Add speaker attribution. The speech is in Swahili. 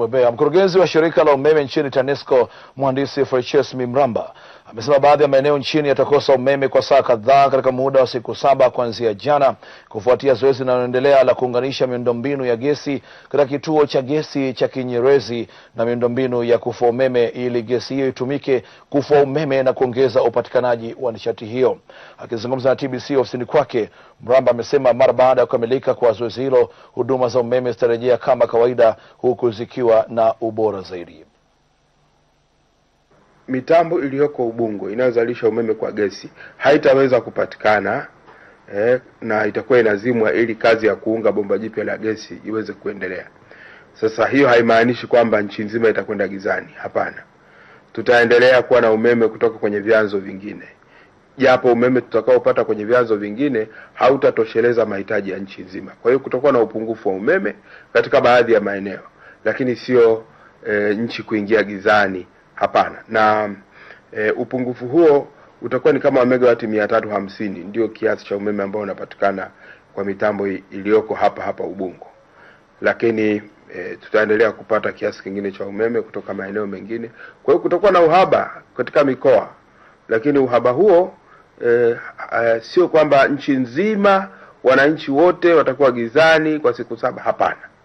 Speaker 1: Mwebea. Mkurugenzi wa shirika la umeme nchini TANESCO mhandisi Felchesmi Mramba Amesema baadhi ya maeneo nchini yatakosa umeme kwa saa kadhaa katika muda wa siku saba kuanzia jana kufuatia zoezi linaloendelea la kuunganisha miundombinu ya gesi katika kituo cha gesi cha Kinyerezi na miundombinu ya kufua umeme ili gesi hiyo itumike kufua umeme na kuongeza upatikanaji wa nishati hiyo. Akizungumza na TBC ofisini kwake, Mramba amesema mara baada ya kukamilika kwa zoezi hilo, huduma za umeme zitarejea kama kawaida, huku zikiwa na ubora zaidi
Speaker 2: mitambo iliyoko Ubungo inayozalisha umeme kwa gesi haitaweza kupatikana eh, na itakuwa inazimwa ili kazi ya kuunga bomba jipya la gesi iweze kuendelea. Sasa hiyo haimaanishi kwamba nchi nzima itakwenda gizani, hapana. Tutaendelea kuwa na umeme kutoka kwenye vyanzo vingine, japo umeme tutakaopata kwenye vyanzo vingine hautatosheleza mahitaji ya nchi nzima. Kwa hiyo kutakuwa na upungufu wa umeme katika baadhi ya maeneo, lakini sio eh, nchi kuingia gizani hapana. Na e, upungufu huo utakuwa ni kama megawati mia tatu hamsini ndio kiasi cha umeme ambao unapatikana kwa mitambo iliyoko hapa hapa Ubungo, lakini e, tutaendelea kupata kiasi kingine cha umeme kutoka maeneo mengine. Kwa hiyo kutakuwa na uhaba katika mikoa, lakini uhaba huo e, e, sio kwamba nchi nzima wananchi wote watakuwa gizani kwa siku saba. Hapana.